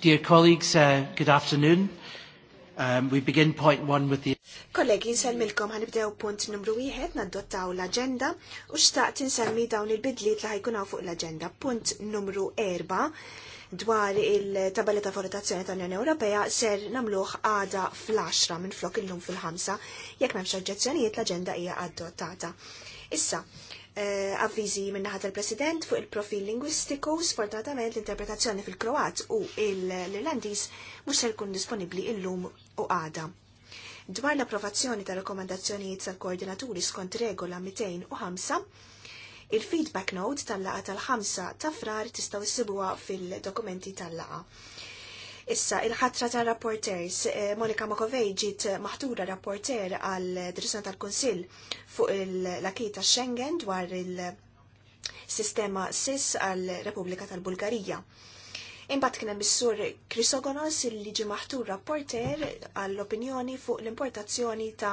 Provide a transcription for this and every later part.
Dear colleagues, uh, good afternoon. Um, we begin point one with the... Kollegi, nselmilkom ħanibdew punt numru wieħed naddottaw l-agenda u xtaqt nsemmi dawn il-bidliet li ħajkunaw fuq l-agenda. Punt numru erba dwar il-tabella ta' valutazzjoni ta' Unjoni Ewropea ser namluħ għada fl-10 minn flok il-lum fil-5 jekk m'hemmx oġġezzjonijiet l-aġenda hija adottata. Issa, Eh, avviżi minn naħat il-President fuq il-profil lingwistiku, sfortunatament l-interpretazzjoni fil-Kroat u l-Irlandiż mhux se jkun disponibbli lum u għada. Dwar l-approvazzjoni ta' rakkomandazzjonijiet tal-koordinaturi skont regola 205, il-feedback note tal-laqa tal-5 ta' frar tistaw issibuha fil-dokumenti tal-laqa. Issa, il-ħatra ta' rapporters, eh, Monika Makovej ġiet maħtura rapporter għal dirisan tal-Konsil fuq l-akita Schengen dwar il-sistema SIS għal Repubblika tal-Bulgarija. Imbat kien hemm is-sur Krisogonos li ġi maħtur rapporter għall-opinjoni fuq l-importazzjoni ta'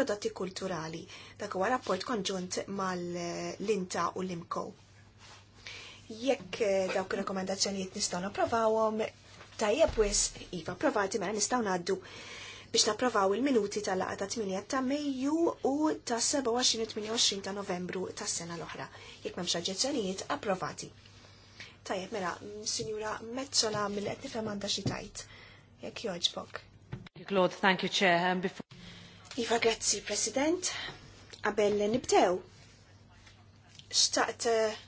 prodotti kulturali. Dak huwa rapport konġunt mal-Linta u l-Imko jekk eh, dawk rekomendazzjonijiet nistgħu nipprovawhom, Tajjeb wis, Iva, provati ma mela nistaw naddu biex napprovaw il-minuti tal-laqa ta' 8 ta' Mejju u ta' 27-28 ta' Novembru ta' sena l-oħra. Jekk m'hemmx oġġezzjonijiet approvati. Tajjeb mela, Sinjura Mezzola mill-qed nifhem għandha xi tajt. Jekk joġbok. Claude, thank you, Chair. Um, iva, grazzi, President. Qabel nibdew, xtaqt uh,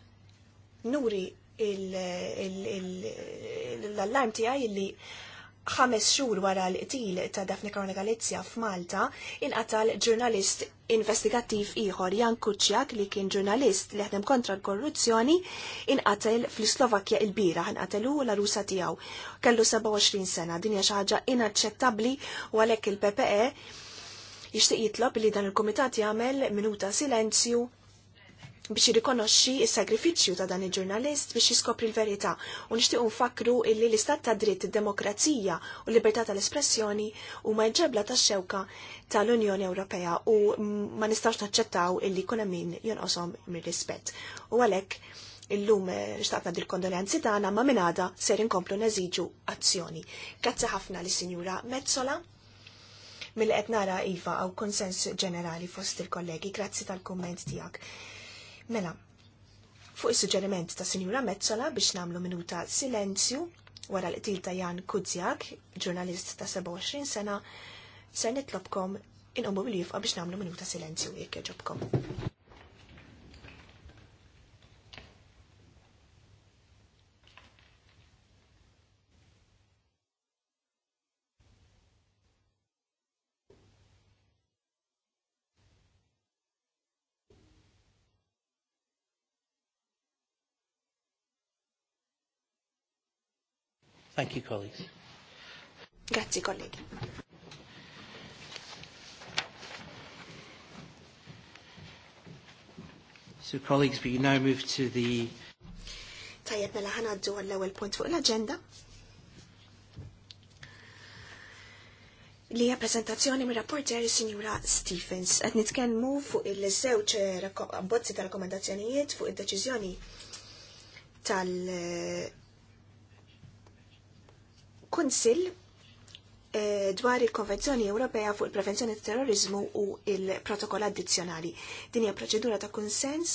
nuri l-allarm tiegħi li ħames xhur wara l-qtil ta' Dafne Karona Galizja f'Malta inqatal ġurnalist investigattiv ieħor Jan Kuċjak li kien ġurnalist li ħdem kontra l-korruzzjoni inqatel fl-Slovakkja il-bira ħanqatel u la rusa tiegħu. Kellu 27 sena din hija xi ħaġa inaċċettabbli u għalhekk il-PPE jixtieq jitlob li dan il-kumitat jagħmel minuta silenzju biex jirrikonoxxi is-sagrifiċċju ta' dan il-ġurnalist biex jiskopri l-verità u nixtiequ nfakru illi l-istat ta' dritt id-demokrazija u l-libertà tal-espressjoni huma ġebla tax-xewka tal-Unjoni Ewropea u ma nistax naċċettaw illi jkun min jonqoshom mir-rispett. U għalhekk illum eh, xtaqna dir kondolenzi tagħna ma minn ser inkomplu neżiġu azzjoni. Grazzi ħafna li sinjura Mezzola mill-qed nara iva għaw konsens ġenerali fost il-kollegi, grazzi tal-kumment tiegħek. Mela, fuq is-suġġeriment ta' Sinjura Mezzola biex namlu minuta silenzju wara l-qtil ta' Jan Kudzjak, ġurnalist ta' 27 sena, se nitlobkom inqomu bil-jifqa biex namlu minuta silenzju jekk ġobkom. Thank you, colleagues. Grazie, colleghi. So, colleagues, we now move to the... Tajjeb, mela ħanaddu għall-ewel punt fuq l-agenda. li hija prezentazzjoni mir rapporter sinjura Stephens. Qed nitkellmu fuq il-żewġ bozzi ta' rakkomandazzjonijiet fuq il deċizjoni tal- kunsill eh, dwar il-Konvenzjoni Ewropea fuq il-Prevenzjoni tat Terrorizmu u il-Protokoll Addizzjonali. Din hija proċedura ta' konsens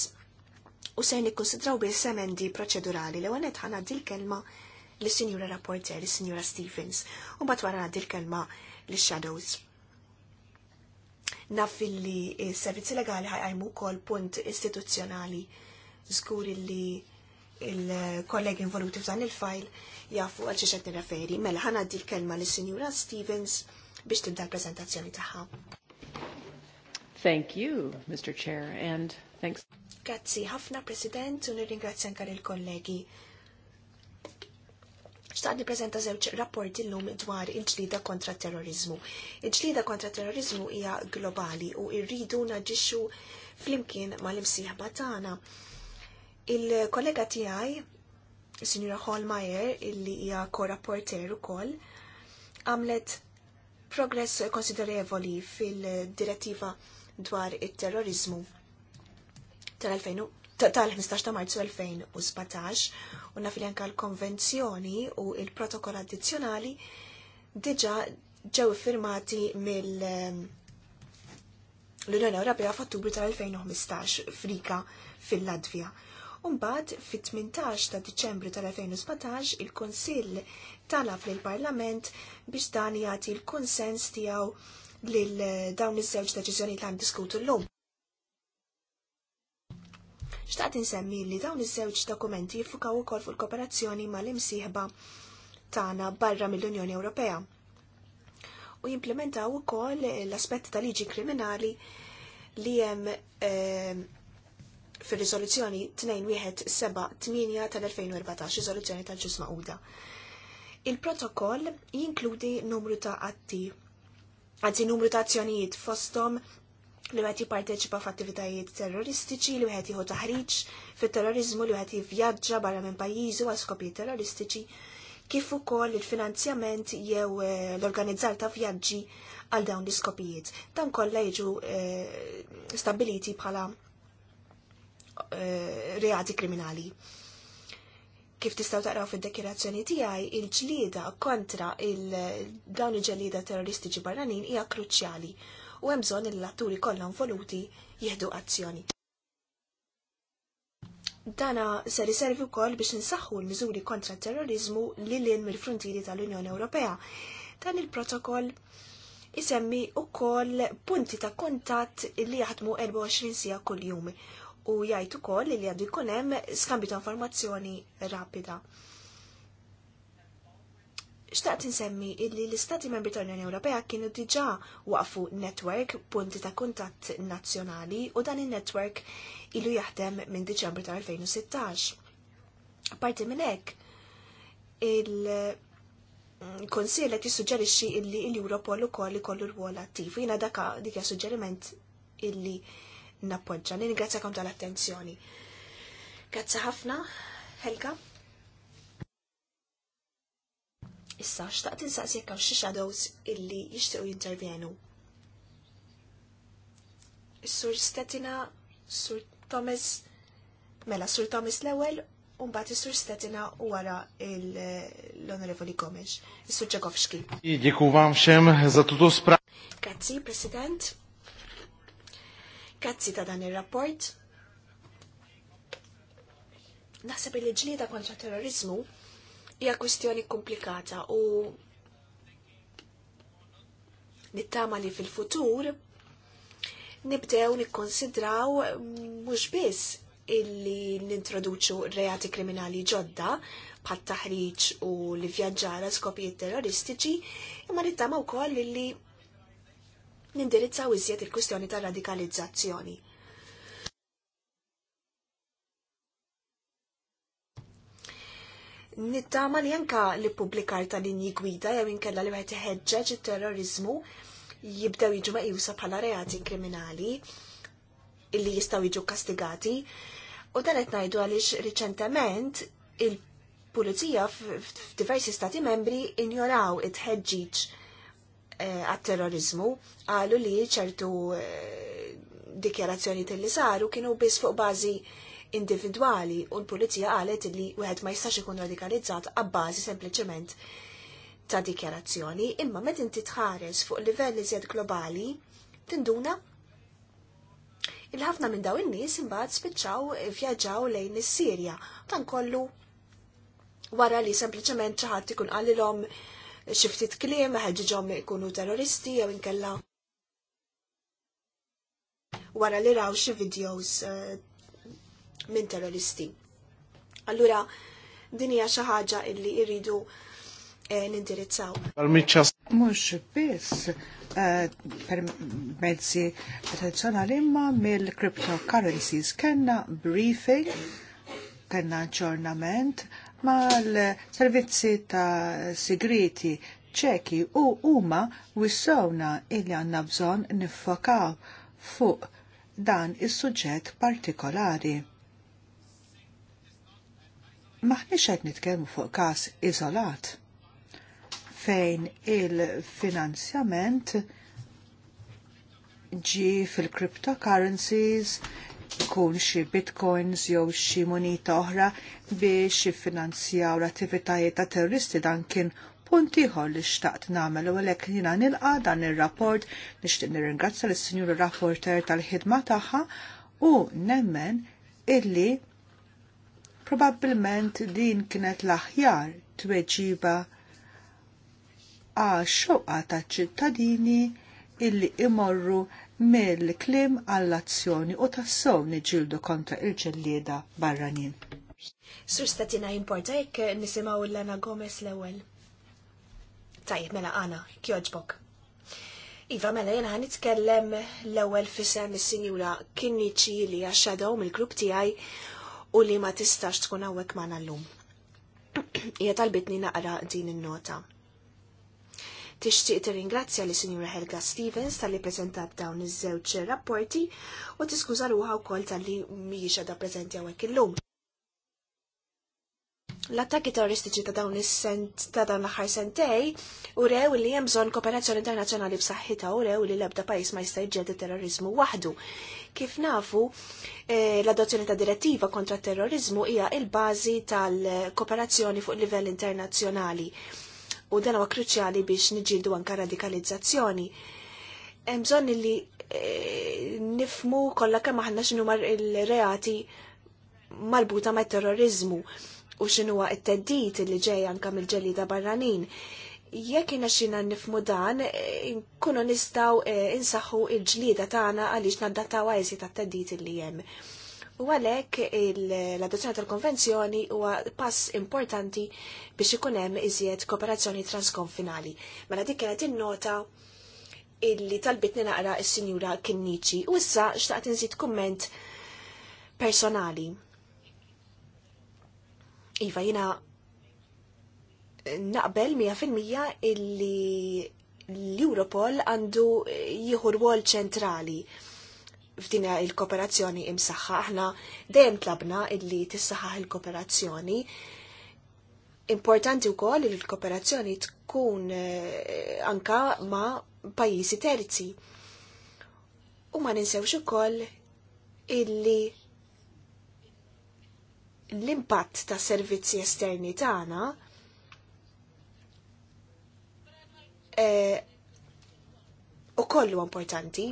u se nikkonsidraw bil semendi proċedurali li għanet ħana l kelma li sinjura rapporter, lis sinjura Stevens, u mbagħad wara l kelma lis Shadows. Naf li s-servizzi legali ħajmu kol punt istituzzjonali zgur li il-kollegi involuti f'dan il-fajl jafu għal qed nirreferi. Mela ħana għaddi l-kelma lis sinjura Stevens biex tibda l preżentazzjoni tagħha. Thank you, Mr. Chair, and thanks. Grazzi ħafna, President, u nirringrazzja nkar il-kollegi. Xtaqt nippreżenta żewġ rapporti llum dwar il-ġlida kontra terrorizmu. Il-ġlida kontra terrorizmu hija globali u rridu naġixxu flimkien mal-imsieħba tagħna Il-kollega tiegħi, Sinjura Hallmeyer, illi hija korrapporter ukoll, għamlet progress konsiderevoli fil-direttiva dwar it-terrorizmu tal-15 ta' marzu 2017 u naf li l-konvenzjoni u il-protokoll addizzjonali diġa ġew firmati mill ehm, l-Unjoni Ewropea f'Ottubru tal-2015 frika fil-Latvija. Umbagħad fit-18 ta' Diċembru tal-2017 il-Kunsill talab l parlament biex dan jagħti l-kunsens tiegħu lil dawn iż-żewġ deċiżjonijiet diskutu għandiskutu llum. Xtaqt insemmi li dawn iż-żewġ dokumenti jiffukaw ukoll fuq il-kooperazzjoni mal-imsieħba tagħna barra mill-Unjoni Ewropea u jimplementaw ukoll l-aspett tal-liġi kriminali li hemm eh, fil-rizoluzzjoni 2178 tal-2014, rizoluzzjoni 2178 tal 2014 rizoluzzjoni tal ġisma Uda. Il-protokoll jinkludi numru ta' atti, għanzi numru ta' azzjonijiet fostom li għet jipparteċipa f'attivitajiet terroristiċi, li għet jħu taħriġ fit-terrorizmu, li għet jivvjaġġa barra minn pajizu għal skopijiet terroristiċi, kif ukoll il-finanzjament jew eh, l-organizzar ta' vjaġġi għal dawn l-iskopijiet. Dan kollha jiġu eh, stabiliti bħala Eh, reati kriminali. Kif tistaw taqraw fid-dekirazzjoni tiegħi, il-ġlida kontra il-dawn il-ġelida terroristiċi barranin hija kruċjali u hemm bżonn il latturi kollha voluti jieħdu azzjoni. Dana ser iservi wkoll biex insaħħu l-miżuri kontra terrorizmu li lin mill-frontieri tal-Unjoni Ewropea. Dan il-protokoll isemmi u koll punti ta' kontat li jaħdmu 24 sija kuljum u jgħid ukoll li għandu jkun hemm skambju ta' informazzjoni rapida. Xtaqt insemmi illi l-Istati Membri tal-Unjoni Ewropea kienu diġà waqfu netwerk punti ta' kuntatt nazzjonali u dan in-netwerk ilu jaħdem minn Diċembru ta' 2016. Parti minn hekk il-Konsil qed jissuġġerixxi illi l-Europol ukoll ikollu rwol attiv. Jiena dak dik suġġeriment illi nappoġġa. Ningrazzjakom tal-attenzjoni. Grazzi ħafna, Helga. Issa, xtaqt insaqsi jekk xi shadows illi jixtiequ jintervjenu. Sur Stetina, Sur Thomas, mela Sur Thomas l-ewwel u mbagħad is sur stetina u għara l-onorevoli Gomes, is sur Ġekovski. Jidiku kuvam xem za spra. Grazzi, President. Kazzi ta' dan ir-rapport. Naħseb li ġlieda kontra terrorizmu hija kwistjoni komplikata u nittama li fil-futur nibdew nikkonsidraw mhux biss illi nintroduċu reati kriminali ġodda bħat taħriġ u li vjaġġara skopijiet terroristiċi imma nittama wkoll illi nindirizzaw iżjed il-kwistjoni ta' radikalizzazzjoni. Nittama li anka li publikar ta' linji gwida jew inkella li wieħed iħeġġeġ it-terrorizmu jibdew jiġu meqjusa bħala reati kriminali illi jistgħu jiġu kastigati. U dan qed ngħidu għaliex riċentement il-pulizija f'diversi stati membri injoraw it-ħeġġiġ Eh, għat-terrorizmu għalu li ċertu eh, dikjarazzjoni li saru kienu biss fuq bażi individwali u l-pulizija qalet li wieħed ma jistax ikun radikalizzat għabbażi sempliċement ta' dikjarazzjoni, imma meta inti tħares fuq livell iżjed globali, tinduna il-ħafna minn daw in-nies imbagħad spiċċaw vjaġġaw lejn is-Sirja, dan kollu wara li sempliċement xi ħadd ikun qalilhom xiftit kliem, ħagġiġom ikunu terroristi jew inkella wara li raw xi videos eh, minn terroristi. Allura, din hija xi ħaġa illi jridu eh, nindirizzaw. Mhux biss eh, per mezzi tradizjonali imma mill-cryptocurrencies kellna briefing, kellna ġornament mal-servizzi ta' sigriti ċeki u huma wissowna illi għandna bżonn niffokaw fuq dan is-suġġett partikolari. Maħniex qed nitkellmu fuq każ iżolat fejn il-finanzjament ġi fil-cryptocurrencies ikun xi bitcoins jew xi munita oħra biex jiffinanzjaw l-attivitajiet ta' terroristi dan kien punt ieħor li xtaqt nagħmel u għalhekk jiena nilqa dan ir-rapport nixtieq nirringrazzja lis sinjura Rapporter tal-ħidma tagħha u nemmen illi probabbilment din kienet l-aħjar tweġiba għax xoqqa ta' ċittadini illi imorru mill-klim għall-azzjoni u tassom niġildu kontra il-ġellieda barranin. Sur statina importa jekk nisimaw l lena Gomez l-ewel. Tajib, mela għana, kjoġbok. Iva, mela jena għan nitkellem l-ewel fisem il-sinjura kinni ċili għaxħadaw mill grup tijaj u li ma tistax tkun għawek ma l-lum. Jgħet naqra din il-nota. Tixtieq tirringrazzja li Sinjura Helga Stevens tal-li preżentat dawn iż-żewġ rapporti u tiskuża ruha wkoll tal-li mhijiex għadha preżenti hawnhekk illum. L-attakki terroristiċi ta' dawn is-sent ta' dawn l-aħħar sentej u rew li hemm bżonn kooperazzjoni internazzjonali b'saħħitha u rew li l-ebda pajjiż ma jista' jġed terrorizmu waħdu. Kif nafu, eh, l-adozzjoni ta' direttiva kontra terrorizmu hija il-bażi tal-kooperazzjoni fuq livell internazzjonali u dan huwa kruċjali biex niġildu anka radikalizzazzjoni. Hemm bżonn li e, nifmu kollha kemm aħna x'inhu il-reati marbuta ma' terrorizmu u x'inhuwa t-teddit li ġej anka mill-ġelida barranin jekk inaxxina nifmu dan, e, nkunu nistaw e, insaħħu il-ġlida tagħna għaliex naddataw għajsi ta' teddit li hemm. U għalhekk l-adozzjoni tal-konvenzjoni huwa pass importanti biex ikun hemm iżjed kooperazzjoni transkonfinali. Mela dik kienet innota illi talbitni naqra s sinjura Kinnici. u issa xtaqt inżid kumment personali. Iva, jina naqbel 100% illi l-Europol għandu jieħu rwol ċentrali f'din il-kooperazzjoni imsaħħa, aħna dejjem tlabna illi tissaħħaħ il-kooperazzjoni. Importanti wkoll li l-kooperazzjoni tkun eh, anka ma' pajjiżi terzi. U ma ninsewx ukoll illi l-impatt ta' servizzi esterni tagħna e, eh, u kollu importanti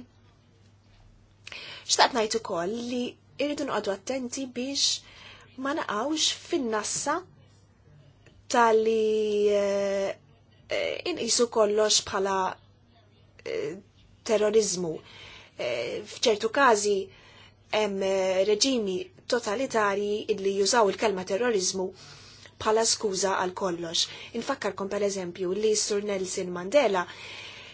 Xtaqt najtu koll li irridu nqodu attenti biex ma naqawx fin-nassa tal-li eh, eh, inqisu kollox bħala eh, terrorizmu. F'ċertu każi hemm reġimi totalitari illi jużaw il-kelma terrorizmu bħala skuża għal kollox. Infakkarkom per eżempju li Sur Nelson Mandela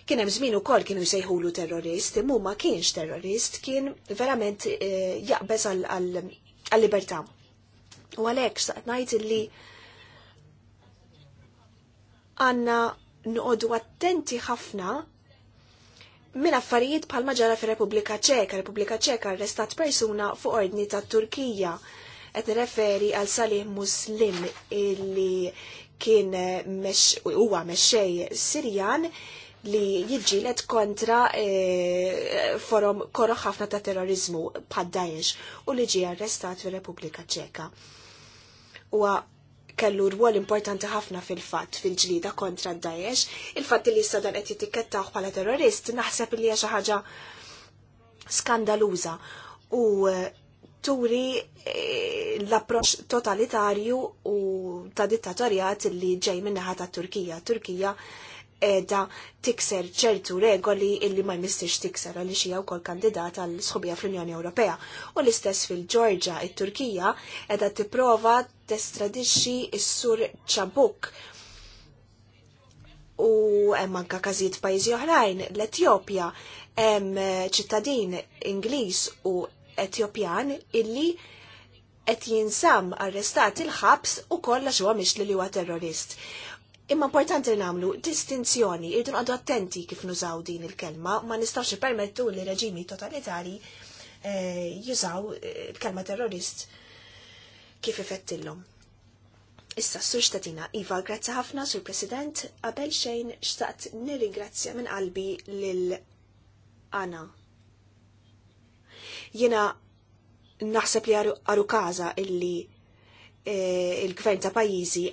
Kien hemm żmien ukoll kienu jsejħulu terrorist, imma ma kienx terrorist, kien verament eh, jaqbeż għall-libertà. U għalhekk saqt ngħid li għandna noqogħdu attenti ħafna minn affarijiet bħalma ġara fir-Repubblika Ċeka. Repubblika Ċeka arrestat persuna fuq ordni tat-Turkija qed nirreferi għal Salih Muslim illi kien eh, huwa mexxej Sirjan li jidġilet kontra eh, forum korro ħafna ta' terrorizmu bħad Daesh u li ġie arrestat fir-Repubblika Ċeka. Huwa kellu rwol importanti ħafna fil-fatt fil-ġlida kontra Daesh, il-fatt li issa dan qed jitikettaw bħala terrorist naħseb li hija xi ħaġa skandaluża u eh, turi eh, l-approċ totalitarju u ta' dittatorjat li ġej minnaħa ta' Turkija. Turkija edha tikser ċertu regoli illi ma jmistix tikser għalli xija u kol kandidat għal sħubija fl-Unjoni Ewropea. U l-istess fil-ġorġa, il-Turkija, edha tiprova testradixxi is-sur ċabuk u hemm anke każijiet pajjiżi oħrajn, l-Etjopja hemm ċittadin Ingliż u Etjopjan illi qed jinsam arrestat il-ħabs u kollha xwa mixli li huwa terrorist. Imma importanti li namlu distinzjoni, irridu għadu attenti kif nużaw din il-kelma, ma nistax permettu li reġimi totalitari eh, jużaw eh, il-kelma terrorist kif ifettillhom. Issa s-sur Iva, grazzi ħafna sur President, qabel xejn xtaqt nirringrazzja minn qalbi lil Anna. Jena naħseb li għaru kaza illi eh, il-gvern ta' pajizi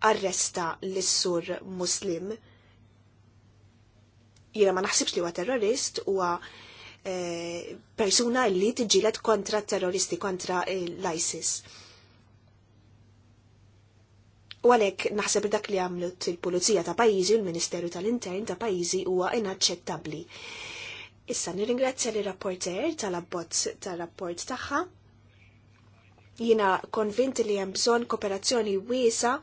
arresta l-sur muslim. Jena ma naħsibx li huwa terrorist huwa eh, persuna li tiġilet kontra terroristi, kontra eh, l-ISIS. U għalek naħseb dak li għamlut il-Pulizija ta' pajizi u l-Ministeru tal-Intern ta' pajizi huwa inaċċettabbli. Issa nirringrazzja li rapporter tal-abbozz tal-rapport tagħha. Jina konvinti li hemm bżonn kooperazzjoni wiesa'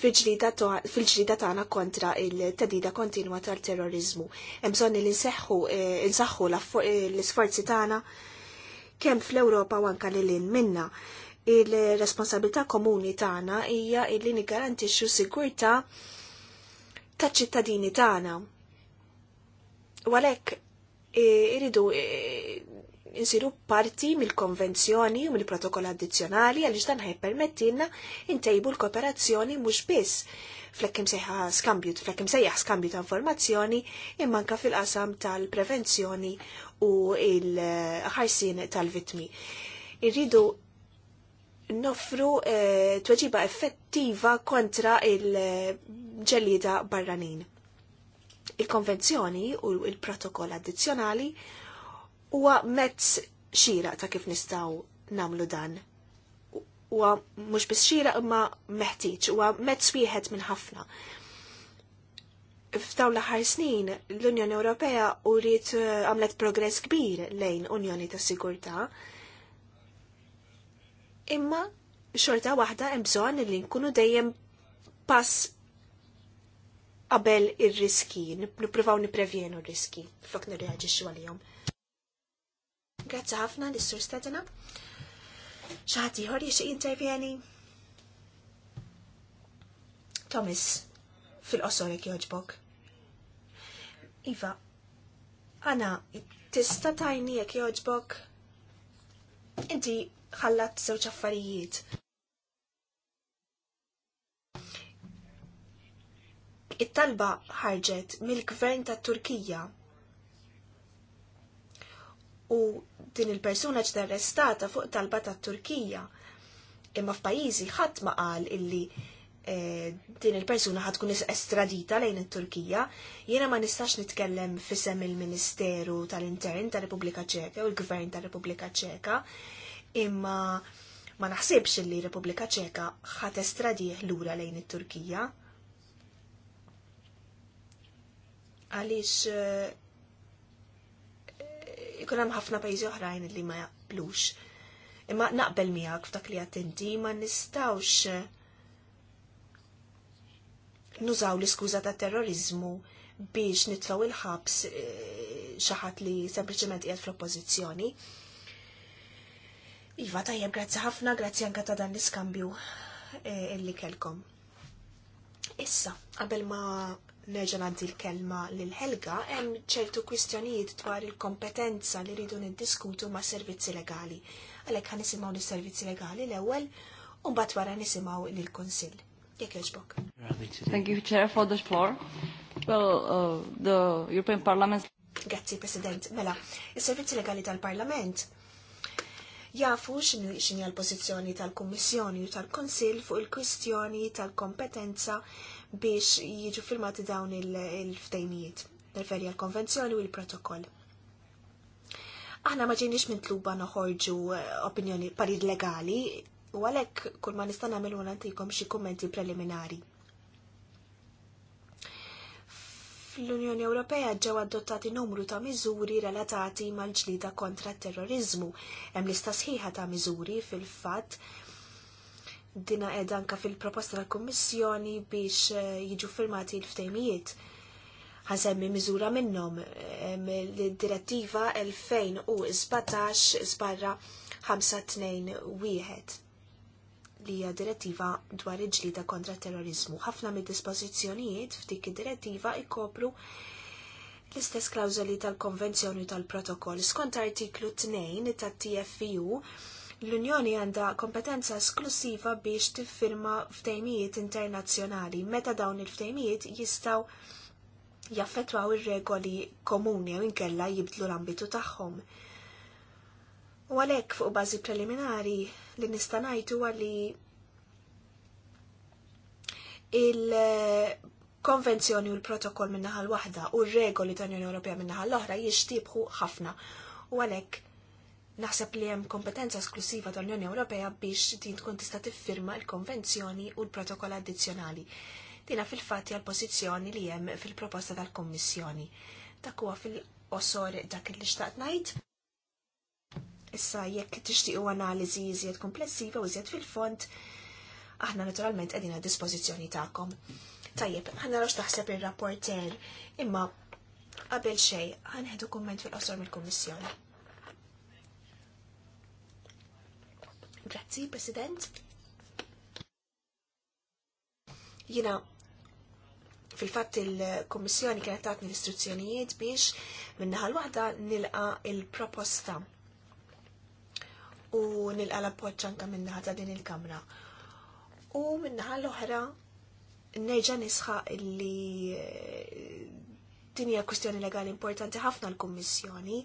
fil-ġlida tagħna kontra il-tedida kontinwa tal-terrorizmu. Hemm bżonn li nseħħu eh, nsaħħu l-isforzi tagħna kemm fl-Ewropa u anke lil minna. Il-responsabilità komuni tagħna hija li niggarantixxu sigurtà taċ-ċittadini tagħna. U għalhekk eh, iridu eh, insiru parti mill-konvenzjoni u mill-protokoll addizzjonali għaliex ħaj permettina intejbu l-kooperazzjoni mhux biss flekkim sejħa skambju, flekkim sejħa skambju ta' informazzjoni immanka fil-qasam tal-prevenzjoni u il-ħarsin tal-vitmi. Irridu noffru eh, tweġiba effettiva kontra il-ġellida barranin. Il-konvenzjoni u il-protokoll addizzjonali huwa mezz xira ta' kif nistgħu nagħmlu dan. Huwa mhux biss xira imma meħtieġ, huwa mezz wieħed minn ħafna. F'daw l-aħħar snin l-Unjoni Ewropea uriet eh, għamlet progress kbir lejn Unjoni ta' Sigurtà. Imma xorta waħda hemm bżonn li nkunu dejjem pass qabel ir-riski, nippruvaw niprevjenu r-riski, fuq nirreaġixxu għalihom. Grazzi ħafna s sur Stedina. ċaħti, iħor jiex intervjeni? Thomas, fil-qosorek joġbok. Iva, għana, tista tajni jek joġbok? Inti ħallat zewċ affarijiet. It-talba ħarġet mill-gvern tat Turkija u din il-persuna ġda arrestata fuq talba ta' Turkija. Imma f'pajjiżi ħadd ma qal illi eh, din il-persuna ħad tkun estradita lejn it-Turkija, jiena ma nistax nitkellem fisem il-Ministeru tal-Intern tal-Repubblika Ċeka u l-Gvern tal-Repubblika Ċeka, imma ma naħsibx illi Repubblika Ċeka ħat estradih lura lejn it-Turkija. Għaliex eh, ikun hemm ħafna pajjiżi oħrajn li ma jaqblux. Imma naqbel miegħek f'dak li attenti ma nistgħux eh, nużaw l-iskuża ta' terrorizmu biex nitfaw il-ħabs eh, xi ħadd li sempliċement qiegħed fl-oppożizzjoni. Iva tajjeb, grazzi ħafna, grazzi anka ta' dan l-iskambju eh, illi kelkom. Issa, qabel ma nerġa' nagħti l-kelma l Helga hemm ċertu kwistjonijiet dwar il-kompetenza li rridu niddiskutu ma' servizzi legali. Għalek għan nisimaw l servizzi legali l ewel un bat wara nisimaw l-konsil. Jek jogħġbok. Thank you, Chair, for the floor. Well, uh, the European Parliament. Grazzi, President. Mela, il servizzi legali tal-Parlament jafu x'inhi l pozizjoni tal kommissjoni u tal konsil fuq il-kwistjoni tal-kompetenza biex jiġu firmati dawn il ftejnijiet referi għal konvenzjoni u l-protokoll. Aħna ma ġejniex mintluba noħorġu eh, opinjoni parid legali u għalhekk kull ma nista' għamilu għantikom xie xi kummenti preliminari. Fl-Unjoni Ewropea ġew adottati numru ta' miżuri relatati mal-ġlida kontra t terrorizmu. Hemm lista sħiħa ta' miżuri fil-fatt dina edanka fil-proposta tal-Kummissjoni biex eh, jiġu firmati l-ftejmijiet. Ħasemmi miżura minnhom direttiva 2017 sbarra 521 li hija direttiva dwar il-ġlida kontra terrorizmu. Ħafna mid-dispożizzjonijiet f'dik id-direttiva ikopru l-istess klawżoli tal-Konvenzjoni tal-Protokoll skont artiklu 2 tat-TFU L-Unjoni għandha kompetenza esklusiva biex tiffirma ftejmijiet internazzjonali meta dawn il-ftejmijiet jistaw jaffetwaw ir-regoli komuni u inkella jibdlu l-ambitu tagħhom. U għalhekk fuq bażi preliminari li nista' ngħidu li il-konvenzjoni u l-protokoll minnaħal waħda u r-regoli tal-Unjoni Ewropea minnaħal l-oħra jixtiebħu ħafna u għalhekk Naħseb li hemm kompetenza esklusiva tal-Unjoni Ewropea biex din tkun tista' tiffirma l-konvenzjoni u l-protokoll addizzjonali. Dina fil-fatt hija l-pożizzjoni li hemm fil-proposta tal-Kommissjoni. Dak huwa fil-qosor dak li xtaqt ngħid. Issa jekk tixtiequ analiżi iżjed komplessiva u iżjed fil-font, aħna naturalment qegħdin għad dispożizzjoni tagħkom. Tajjeb, aħna rox taħseb ir-rapporter, imma qabel xejn ħanħedu kumment fil-qosor mill-Kummissjoni. Grazzi, President. Jina, fil-fatt il-Kommissjoni kienet tatni l-istruzzjonijiet biex minnaħal waħda nilqa il-proposta u nilqa l-appoġġ anka minnaħa ta' din il-Kamra. U minnaħa l-oħra nerġa' nisħa li eh, din hija kwistjoni legali importanti ħafna l-Kummissjoni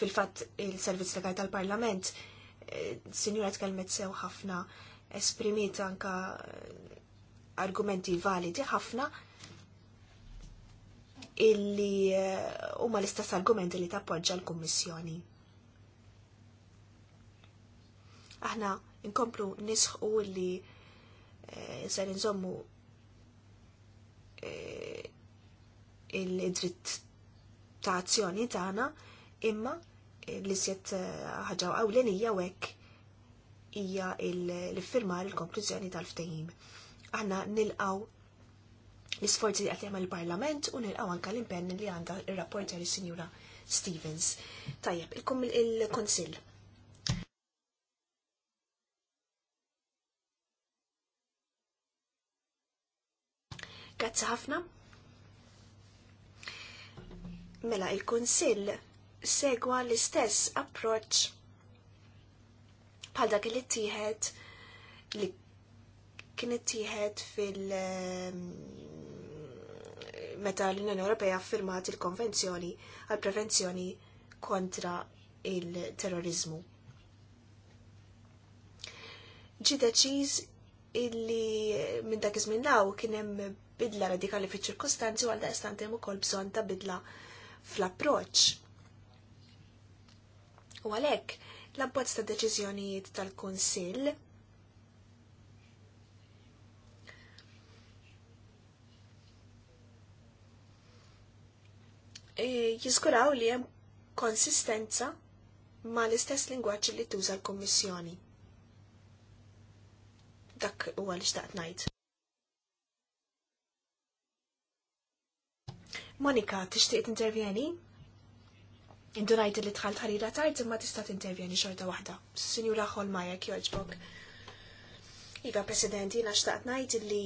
fil-fatt il-Servizz Legali tal-Parlament sinjura tkellmet sew ħafna, esprimiet anka eh, argumenti validi ħafna illi eh, huma l-istess argumenti li tappoġġa l-Kummissjoni. Aħna inkomplu nisħu li eh, ser nżommu il-dritt ta' azzjoni tagħna imma li siet eh, ħagġa għawlenija u hekk hija l-iffirmar il-konklużjoni tal-ftehim. Aħna nilqaw l-isforzi li qed jagħmel parlament u nilqaw anke l-impenn li għandha ir-rapporter il sinjura Stevens. Tajjeb, kum il konsil Grazzi ħafna. Mela, il il-konsil segwa l-istess approċ bħal dak li tieħed li kien ittieħed fil- ehm, meta l-Unjoni Ewropea firmat il-Konvenzjoni għal prevenzjoni kontra il-terrorizmu. Ġi deċiż illi minn dak iż-żmien daw kien hemm bidla radikali fiċ-ċirkostanzi għal daqstant hemm ukoll bżonn ta' bidla fl-approċċ U għalhekk l-abbozz ta' deċiżjonijiet tal-Kunsill e, jizguraw li hemm konsistenza ma l-istess lingwaġġ li tuża l-Kummissjoni. Dak huwa li xtaqt ngħid. Monika, tixtieq intervjeni? Indunajt li tħal ħarira tajt imma tista' t-intervjeni xorta waħda. Sinjura Holmaja jogħġbok. Iva Presidenti, jiena xtaqt ngħid li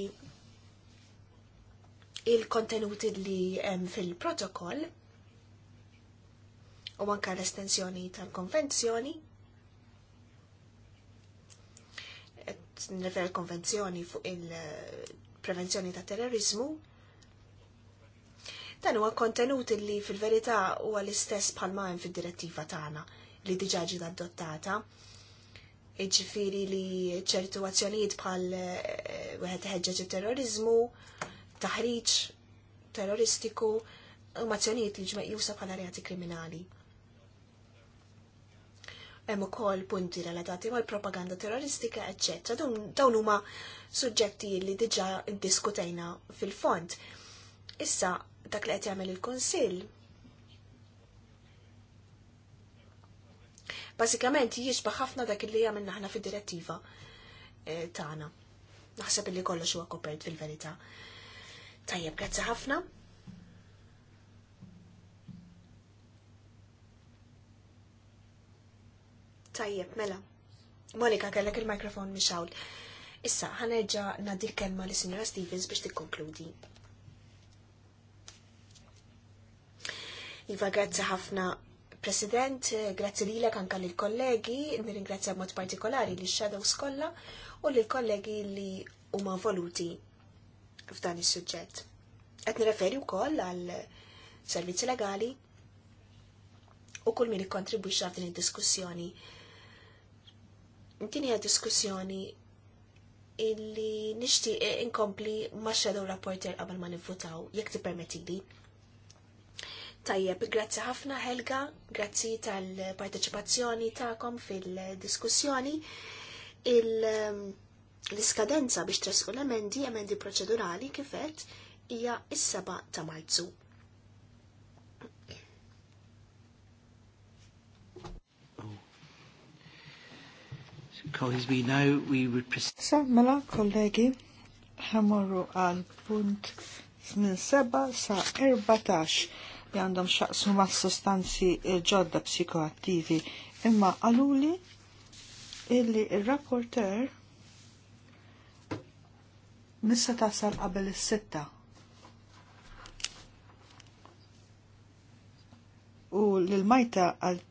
il-kontenuti li hemm fil-protokoll u manka l-estensjoni tal-konvenzjoni nifer konvenzjoni fuq il-prevenzjoni ta' terrorizmu Dan huwa kontenut li fil-verità huwa l-istess bħalma hemm fid-direttiva tagħna li diġà ġiet adottata. Iġifieri li ċertu azzjonijiet bħal eh, wieħed ħeġġeġ terrorizmu, taħriġ terroristiku, huma azzjonijiet li jusa bħala reati kriminali. Hemm ukoll punti relatati mal-propaganda terroristika, eċċetra. Dawn huma suġġetti li diġà ddiskutejna fil-fond Issa, dak li qed jagħmel il-Kunsill. Bażikament jixbaħ ħafna dak li jagħmel naħna fid-direttiva eh, tagħna. Naħseb li kollox huwa kopert fil-verità. Tajjeb, grazzi ħafna. Tajjeb, mela. Monika, kellek il-mikrofon mixawl. Issa, ħanerġa' nadik kelma li Sinjora Stevens biex tikkonkludi. Iva, grazzi ħafna President, grazzi li l-ek anka l-kollegi, nir ingrazzi mod partikolari li shadows skolla u l-kollegi li huma voluti f'dan is-suġġett. Qed nirreferi wkoll għal servizzi legali u kull min ikkontribwixxa f'din id-diskussjoni. Din hija diskussjoni illi nixtieq inkompli ma' shadow rapporter qabel ma nivvutaw jekk permetti li. Tajjeb, grazzi ħafna Helga, grazzi tal-parteċipazzjoni ta'kom fil-diskussjoni. Ehm, l-iskadenza biex tresqu l-emendi, emendi proċedurali kifet, hija is seba ta' Marzu. Oh. Sa mela kollegi ħamorru għal punt minn seba sa' 14 li għandhom xaqsu ma' sostanzi ġodda psikoattivi. Imma għaluli illi il-rapporter nissa tasal qabel is-sitta. U l-majta għal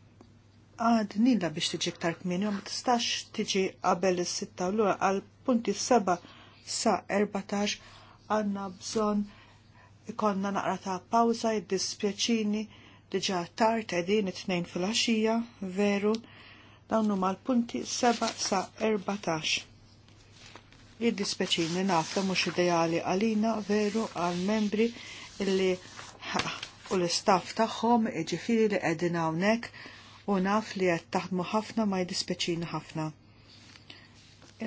għad biex tiġi ktar kmini, ma tistax tiġi qabel is-sitta u l għal punti seba sa' 14 għanna bżon ikonna naqra ta' pawza jiddispjaċini diġa tard edin it-tnejn fil-ħaxija, veru, dawn huma l-punti 7 sa 14. Jiddispjaċini nafta mhux ideali għalina veru għal membri illi u l-istaff tagħhom iġifieri li qegħdin hawnhekk u naf li qed taħdmu ħafna ma jiddispjaċini ħafna.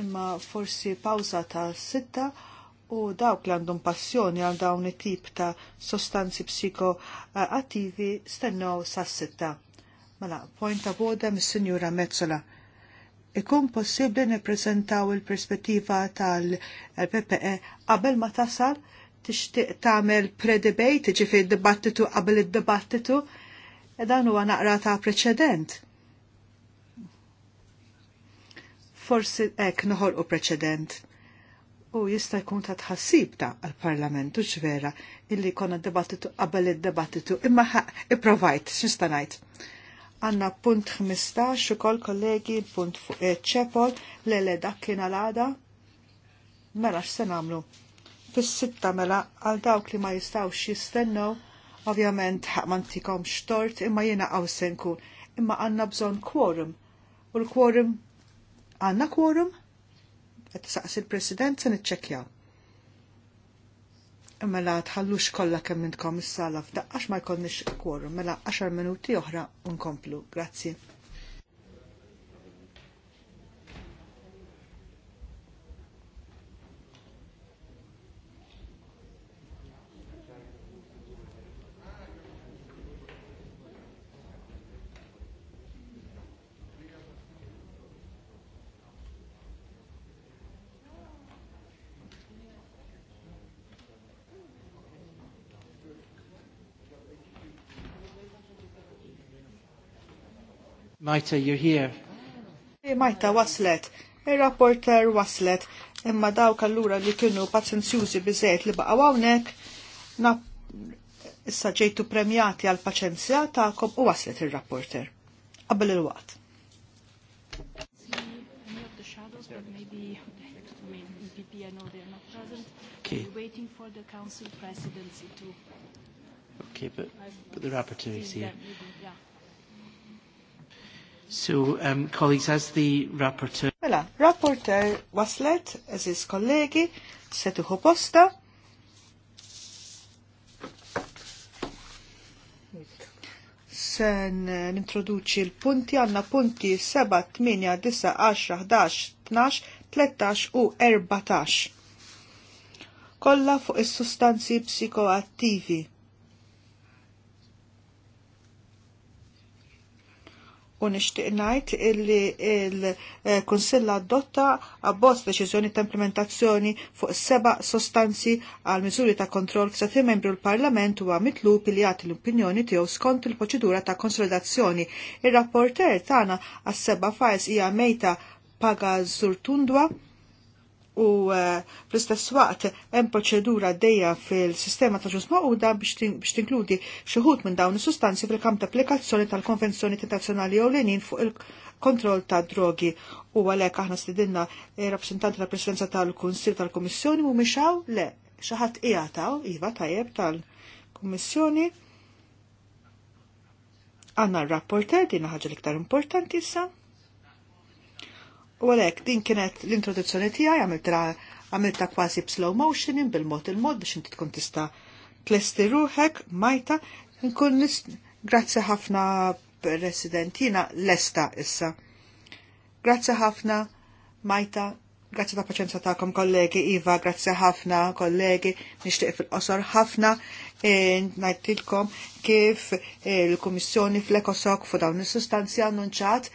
Imma forsi pawza ta' sitta u dawk li għandhom passjoni għal dawn it-tip ta' sostanzi psikoattivi stennew sas-sitta. Mela, point ta' boda mis-Sinjura Mezzola. Ikun possibbli nippreżentaw il-perspettiva tal-PPE qabel ma tasal tixtieq tagħmel pre-debate, ġifieri dibattitu qabel id-dibattitu, e dan huwa naqra ta' preċedent. Forsi hekk noħolqu preċedent u jista' jkun ta' tħassib ta' għal-Parlament u ċvera illi konna debattitu qabel id-debattitu imma ipprovajt xista' ngħid. Għanna punt 15 ukoll kollegi punt fuq ċepol lele dak kien għal-għada mela x'se nagħmlu. Fis-sitta mela għal dawk li ma jistgħux jistennew ovvjament ħaq mantikom xtort imma jiena se nkun. imma għanna bżon quorum u l-quorum għanna quorum? qed saqs il-President se niċċekkjaw. Mela tħallux kollha kemm intkom is-sala f'daqqax ma jkollniex kworum, mela 10 minuti oħra nkomplu. Grazzi. Maita, you're here. Hey, eh, Maita, waslet. Hey, eh, rapporter waslet. Imma daw kallura li kienu pazenzjużi bizet li baqa hawnhekk na issa ġejtu premjati għal pacenzja ta'kom u waslet il-rapporter. Qabbel il-waqt. Okay. waiting for the council presidency to. Okay, but, but the rapporteur is here. Yeah. So, um, colleagues, as the rapporteur... Mela, rapporteur waslet, his kollegi, setuħu posta. Sen eh, nintroduċi l-punti, għanna punti 7, 8, 9, 10, 11, 12, 13 u 14. Kolla fuq is-sustanzi psikoattivi u nixtieq ngħid illi il konsilla adotta abbozz deċiżjoni ta' implementazzjoni fuq seba' sostanzi għal miżuri ta' kontroll kif membru l-Parlament huwa mitlub li jagħti l-opinjoni tiegħu skont il-proċedura ta' konsolidazzjoni. Ir-rapporter tagħna għas seba' fajs hija Mejta Paga Zurtundwa u eh, fl-istess waqt hemm proċedura għaddejja fil-sistema ta' ġusma u da biex tinkludi xi minn dawn is-sustanzi fil-kamp ta' applikazzjoni tal-Konvenzjoni Internazzjonali Ewlenin fuq il-kontroll ta' drogi u għalhekk aħna stidinna eh, rappresentanti tal presidenza tal-Kunsil tal-Kummissjoni mhumiex hawn le xi ħadd qiegħataw iva tajjeb tal-Kummissjoni għanna r-rapporter dinna ħaġa l-iktar importanti issa U għalek, din kienet l-introduzzjoni tijaj, għamilta kważi b-slow motioning, bil-mod il-mod biex inti tkun tista tlesti ruħek, majta, nkun nis, grazzi ħafna presidentina lesta issa. Grazzi ħafna, majta, grazzi ta' paċenza kom kollegi, Iva, grazzi ħafna kollegi, nishtiq fil-qosor ħafna, e, najtilkom kif il-Komissjoni e, fl-Ekosok fu dawn il-sustanzi annunċat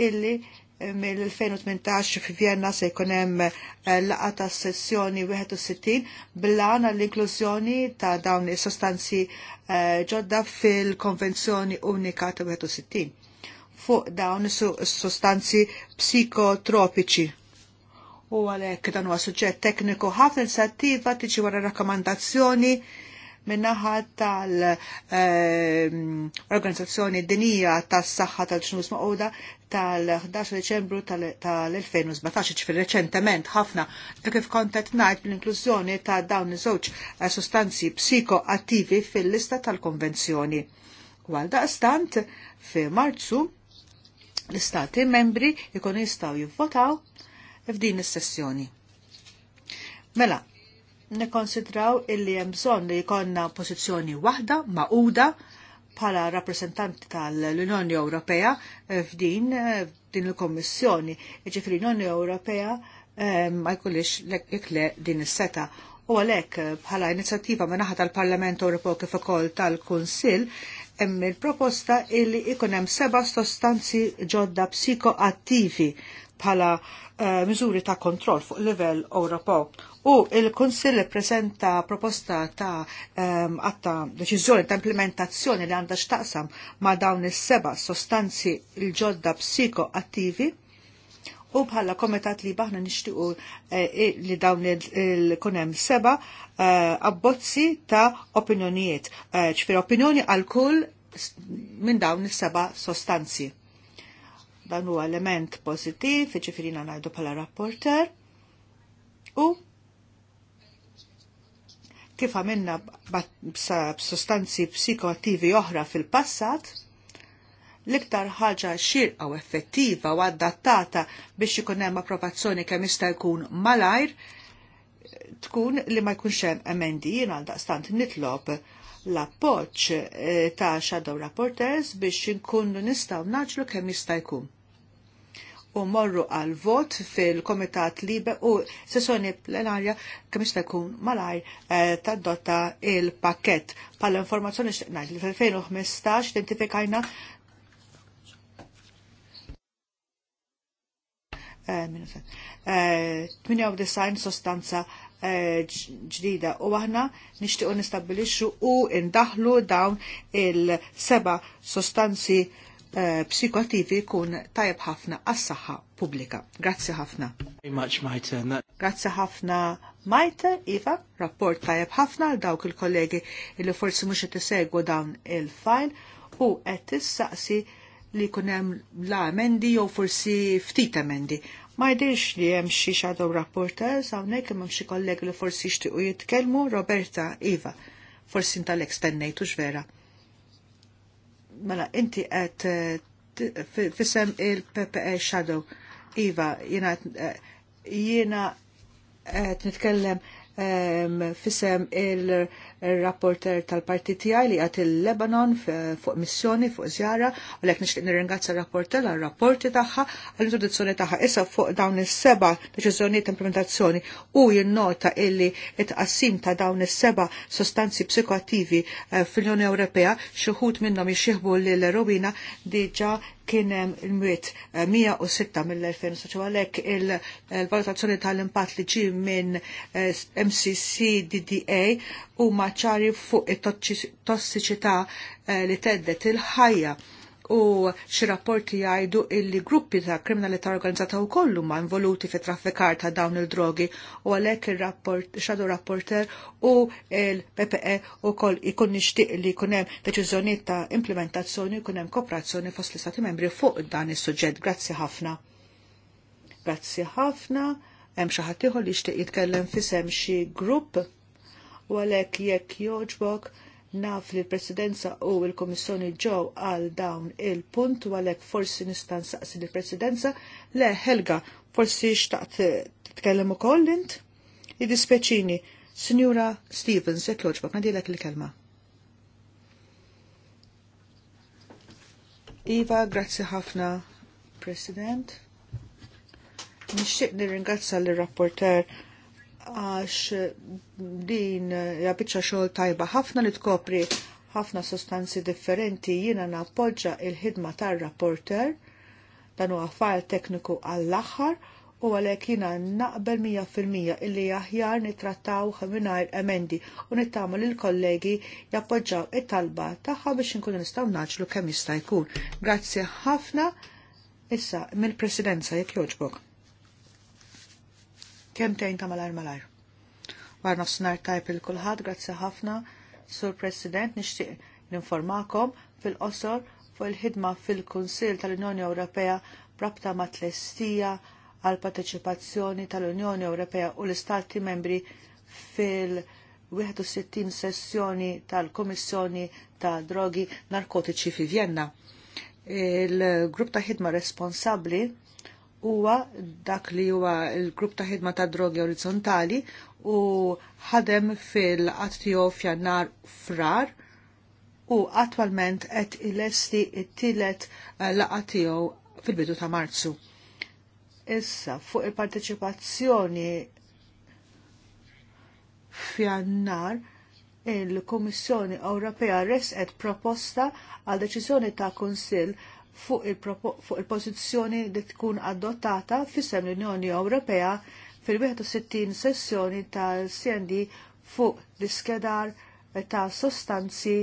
illi mill-2018 fi Vienna se jkun hemm eh, laqa ta' sessjoni 61 bil għan l-inklużjoni ta' dawn is-sostanzi eh, ġodda fil-Konvenzjoni Unika ta' 61 fuq dawn sostanzi psikotropiċi. U għalhekk dan huwa suġġett tekniku ħafna inizjattiva tiġi wara rakkomandazzjoni minnaħa tal-Organizzazzjoni ehm, Dinija tas-Saħħa tal-Ġnus Maqoda tal-11 Deċembru tal-2017, ċifir reċentement ħafna, kif kontet najt l-inklużjoni ta' dawn iż-żewġ eh, sostanzi psikoattivi fil-lista tal-konvenzjoni. Walda stant, fi marzu, l-istati membri jkun jistaw jivvotaw f'din is-sessjoni. Mela, nekonsidraw illi hemm bżonn li jkollna pożizzjoni waħda maquda bħala rappresentanti tal-Unjoni Ewropea eh, f'din eh, din il-Kommissjoni. Ġifri l-Unjoni Ewropea eh, ma jkollix ikle din is-seta. U għalhekk bħala inizjattiva minaħa tal-Parlament Ewropew kif ukoll tal-Kunsill hemm il-proposta illi ikun hemm seba' sostanzi ġodda psikoattivi bħala eh, miżuri ta' kontroll fuq livell Ewropew. U il-Kunsill ippreżenta proposta ta' għatta ehm, deċiżjoni ta' implementazzjoni li għandha x'taqsam ma' dawn is-seba' sostanzi l-ġodda psikoattivi u bħala komitat li baħna nishtiqu eh, li dawn il-kunem seba eh, abbozzi ta' opinjonijiet, ċfir opinjoni għal kull minn dawn il-seba sostanzi dan huwa element pozittiv, ġifieri ngħidu bħala rapporter. U kif għamilna b'sostanzi psikoattivi oħra fil-passat, l-iktar ħaġa xirqa u effettiva u adattata biex ikun hemm approvazzjoni kemm jista' jkun malajr tkun li ma jkunx hemm emendi jien għal daqstant nitlob l-appoġġ eh, ta' shadow rapporters biex inkunu nistgħu naġlu kemm jista' jkun u morru għal vot fil-Komitat Libe u sessjoni plenarja kemm jista' jkun malaj eh, dotta il-pakket. Palla informazzjoni xtaqnajt li fil-2015 identifikajna eh, eh sostanza eh, ġdida u aħna nixtiequ nistabilixxu u indaħlu dawn il-seba' sostanzi Eh, psikoattivi jkun tajb ħafna għas-saħħa pubblika. Grazzi ħafna. Grazzi ħafna Majte, Iva, rapport tajab ħafna għal dawk il-kollegi li forsi mhux qed isegwu dawn il-fajl u qed saqsi li kunem la emendi jew forsi ftit emendi. Ma jdirx li hemm xi shadow rapporta, hawnhekk jem xi kollegi li forsi jixtiequ jitkellmu Roberta Iva. Forsi intalek stennejtux vera mela inti qed eh, fisem il-PPE Shadow. Iva, jiena eh, jiena qed nitkellem eh, fisem il- il-rapporter tal partiti li għat il-Lebanon fuq missjoni fuq żjara u lek nixtieq nirringrazzja rapporter għal rapporti tagħha għal introduzzjoni tagħha issa fuq dawn is-seba' deċiżjonijiet implementazzjoni u jinnota illi it-qassim ta' dawn is-seba' sostanzi psikoattivi eh, fl-Unjoni Ewropea xi wħud minnhom li lill erobina diġà kien il-mwiet 106 mill-2000 għalek il-valutazzjoni tal-impatt li ġi minn eh, MCC DDA u ma ċari fuq it-tossiċità eh, li teddet il-ħajja u xi rapporti jgħidu illi gruppi ta' kriminalità organizzata u kollu ma' involuti fi traffikar ta' dawn il-drogi u għalhekk il-rapport xadu rapporter u il-PPE u koll ikun nixtieq li jkun hemm deċiżjonijiet ta' implementazzjoni jkun hemm kooperazzjoni fost l-Istati membri fuq dan is-suġġett. Grazzi ħafna. Grazzi ħafna hemm xi ħadd ieħor li jixtieq jitkellem fisem xi grupp u għalhekk jekk jogħġbok naf li l-Presidenza u l-Komissjoni ġew għal dawn il-punt u għalhekk forsi nista' nsaqsi lill-Presidenza le Helga forsi xtaqt tkellem ukoll int? Idispeċini, Sinjura Stevens, jekk jogħġbok, għandilek il-kelma. Iva, grazzi ħafna, President. Nixtieq nirringazza l-rapporter għax din hija biċċa xogħol tajba ħafna li tkopri ħafna sostanzi differenti jiena nappoġġa il-ħidma tar-rapporter dan huwa fajl tekniku għall-aħħar u għalhekk jiena naqbel 100% illi aħjar nitrattaw mingħajr emendi u nittama lil kollegi jappoġġaw it-talba tagħha biex inkunu nistgħu naġlu kemm jista' jkun. Grazzi ħafna issa mill-Presidenza jekk jogħġbok tejn ta' malar malar. War nofsinar tajp il-kulħad, grazzi ħafna, Sur President, nixtieq ninformakom fil-qosor fuq il-ħidma fil-Kunsil tal-Unjoni Ewropea brabta ma' tlestija għal parteċipazzjoni tal-Unjoni Ewropea u l-Istati membri fil-61 sessjoni tal-Komissjoni ta' Drogi Narkotiċi fi Vienna il-grupp ta' ħidma responsabli huwa dak li huwa l-grupp ta' ħidma ta' drogi orizzontali u ħadem fil-qatt tiegħu f'jannar frar u attwalment qed ilesti t-tielet eh, laqgħa tiegħu fil-bidu ta' Marzu. Issa fuq il-parteċipazzjoni f'jannar il-Kummissjoni Ewropea resqet proposta għal deċiżjoni ta' Kunsill fuq il-pożizzjoni li tkun adottata fisem l-Unjoni Ewropea fil-61 sessjoni tal-CND fuq l-iskedar ta' sostanzi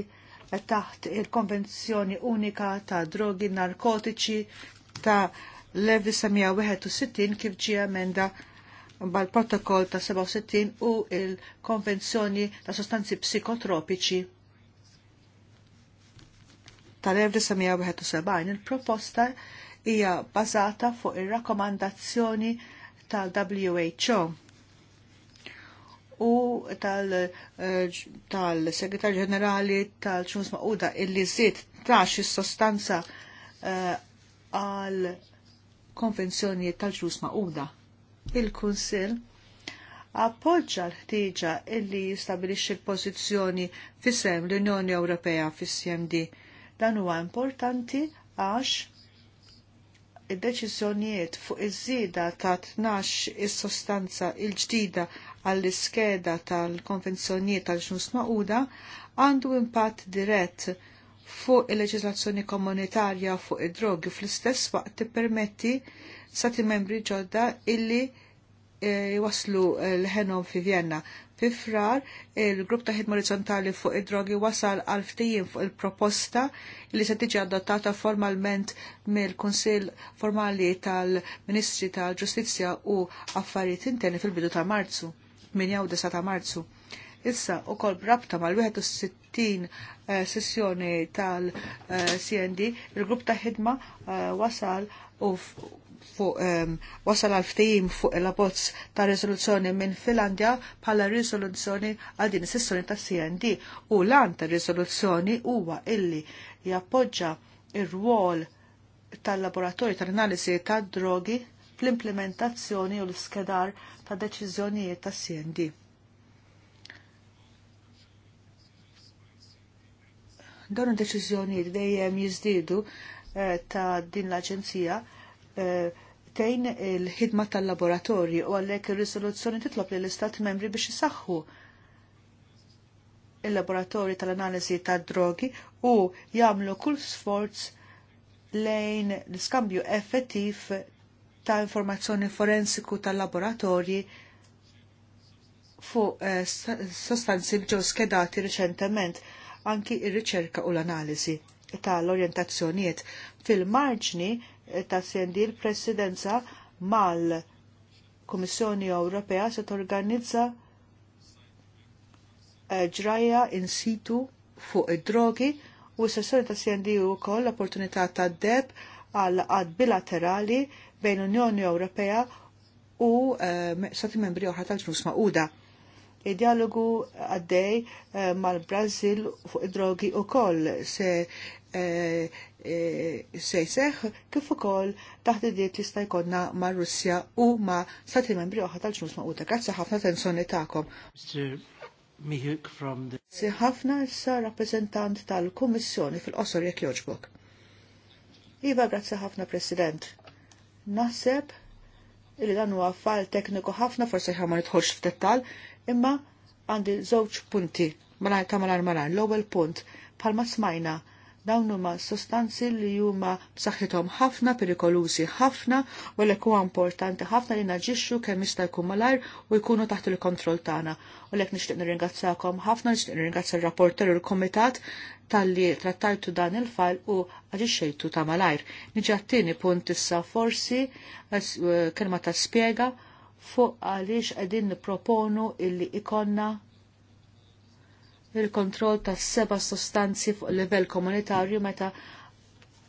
taħt il-Konvenzjoni Unika ta' Drogi Narkotiċi ta' l-1961 kif ġie emenda mbagħad protokoll ta' 67 u il-Konvenzjoni ta' sostanzi psikotropiċi tal-1971. Il-proposta hija bazata fuq ir-rakkomandazzjoni tal-WHO u eh, tal-Segretar Ġenerali tal ċunus Maquda illi zid tax is-sostanza eh, għal konvenzjoni tal ċunus Maquda il-Kunsill appoġġa l-ħtieġa illi jistabilixxi l-pożizzjoni fisem l-Unjoni Ewropea fis-CMD. Dan huwa importanti għax id-deċiżjonijiet fuq iż-żieda ta' tnax is-sostanza il-ġdida għall-iskeda tal-konvenzjonijiet tal-ġnus maquda għandu impatt dirett fuq il-leġislazzjoni komunitarja fuq id-drogi fl-istess waqt tippermetti stati membri ġodda illi E, waslu e, l-ħenom fi Vienna. Fi frar, il-grupp ta' ħidma orizzontali fuq id-drogi wasal għal ftijin fuq il-proposta li se tiġi adottata formalment mill-Kunsill Formali tal-Ministri tal-Ġustizzja u Affarijiet Interni fil-bidu ta' Marzu, jaw ta' Marzu. Issa, u kol brabta mal-61 e, sessjoni tal-CND, il-grupp ta' ħidma wasal u fuq um, wasal għal ftehim fuq il-abbozz ta' Rizoluzzjoni minn Finlandja bħala Rizoluzzjoni għal din is-sessjoni ta' CND u lan ta' riżoluzzjoni huwa illi jappoġġa ir-rwol tal-laboratorju tal-analisi tad-drogi fl-implementazzjoni u l-iskedar ta' deċiżjonijiet ta' CND. Dawn id-deċiżjonijiet dejjem jiżdiedu eh, ta' din l-Aġenzija eh, tejn il-ħidma tal-laboratorji u għallek il-risoluzzjoni titlob li l-Istat membri biex jisaxħu il-laboratorji tal-analizi tad-drogi u jagħmlu kull sforz lejn l-iskambju effettiv ta' informazzjoni forensiku tal-laboratorji fuq eh, sostanzi ġo skedati riċentement anki ir-riċerka u l-analiżi tal-orjentazzjonijiet fil-marġni ta' CND l-Presidenza mal-Kummissjoni Ewropea se torganizza eh, ġraja in situ fuq id-drogi u s-sessjoni ta' CND u koll l-opportunità ta' deb għal għad bilaterali bejn Unjoni Ewropea u eh, stati membri oħra tal-ġnus ma'uda id-dialogu għaddej eh, mal-Brazil fuq id-drogi u koll se E, se kif ukoll taħt id-diet jista' jkollna ma' Russja u ma' stati membri oħra tal-ġnus ma' Uta. Grazzi ħafna tensjoni tagħkom. from the... Si ħafna issa rappresentant tal-Kummissjoni fil-qosor jekk joġbok. Iva, grazzi ħafna, President. Naħseb li dan huwa fall tekniku ħafna forsi ħa ma nidħolx f'dettall, imma għandi żewġ punti malajr ta' malajr malajr. L-ewwel punt bħalma smajna dawn huma sostanzi li huma b'saħħithom ħafna perikolużi ħafna u li huwa importanti ħafna li naġixxu kemm jista' jkun malajr u jkunu taħt il-kontroll tagħna. U lek nixtieq nirringazzakom ħafna, nixtieq nirringrazzja r-rapporter u l-kumitat tal-li trattajtu dan il-fall u aġixxejtu ta' malajr. Niġi għattini punt issa forsi kelma ta' spjega fuq għaliex qegħdin nipproponu illi ikonna il-kontroll ta' seba sostanzi fuq livell komunitarju meta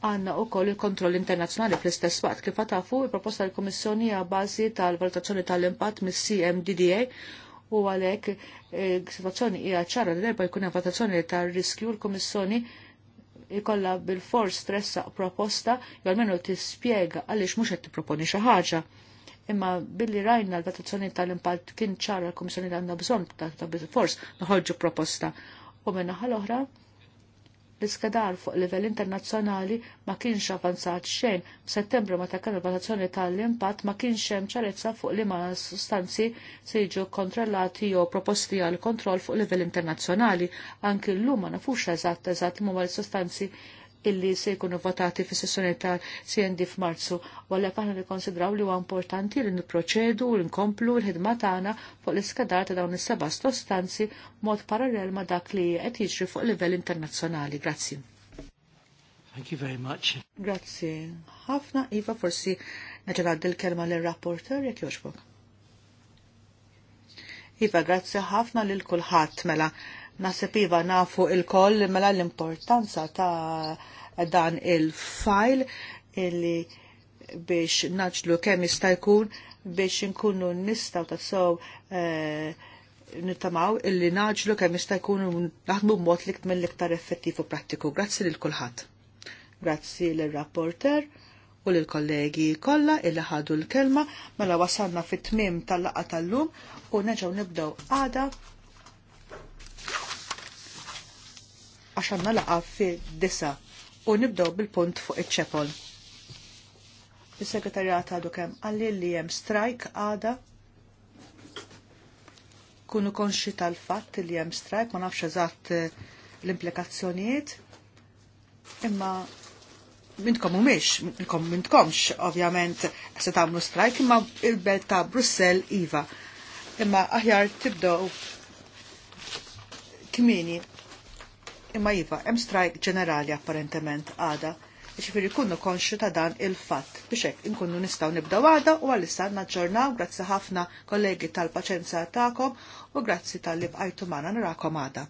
għanna u koll il-kontroll internazzjonali fl-istess waqt kif għatafu il-proposta l-Komissjoni għal bażi tal-valutazzjoni tal-impatt mis-CMDDA u għalhekk eh, situazzjoni hija ċara li darba jkun valutazzjoni tar-riskju l-Komissjoni ikolla bil-fors stressa proposta jew almenu tispjega għaliex mhux qed tipproponi xi ħaġa imma billi rajna l-valutazzjoni tal-impatt kien ċara l-Komissjoni għandna bżonn ta' fors noħorġu proposta. U minna naħa l-oħra, l-iskedar fuq livell internazzjonali ma kienx avanzat xejn. Settembru ma ta' kien valutazzjoni tal-impatt ma kienx hemm ċarezza fuq li ma sostanzi se jiġu kontrollati jew proposti għal kontroll fuq livell internazzjonali. Anki llum ma nafux eżatt eżatt huma l sostanzi illi se jkunu votati fis sessjoni ta' cnd f'Marzu, għallek aħna nikkonsidraw li huwa importanti li nipproċedu u nkomplu l-ħidma tagħna fuq l-iskadar ta' dawn is-seba' sostanzi mod parallel ma' dak li qed jiġri fuq livell internazzjonali. Grazzi. Thank you very much. Grazzi. Ħafna Iva forsi naġġel il-kelma l-rapporter jekk joġbok. Iva, grazzi ħafna lil kulħadd mela. Nasib iva nafu il-koll mela l-importanza ta' dan il-fajl illi biex naġlu kemm jista' jkun biex inkunu nistaw ta' sow eh, nittamaw illi naġlu kemm jista' jkun naħdmu b'mod li mill-iktar effettiv u prattiku. Grazzi lil kulħadd. Grazzi lir rapporter u l-kollegi kollha illi ħadu l-kelma mela wasalna fit-tmim tal-laqa tal-lum u neġgħu nibdew għada għandna laqa fi disa u nibdew bil-punt fuq iċ-ċepol. Is-segretarjat għadu kemm għalli li hemm strajk għada kunu konxi tal-fatt li hemm strajk ma nafx eżatt eh, l-implikazzjonijiet imma mintkom u mish, mintkom mintkomx, ovvjament, se tamlu strajk, imma il-belt ta' Brussel Iva. Imma aħjar tibdow kmini. Imma Iva, hemm strajk ġenerali apparentement għada. Ġifiri kunnu konxu ta' dan il-fatt. Bixek, inkunnu nistaw nibdaw għada u għalissa naġġornaw grazzi ħafna kollegi tal-paċenza ta'kom u grazzi tal lib bqajtu Nirakom għada.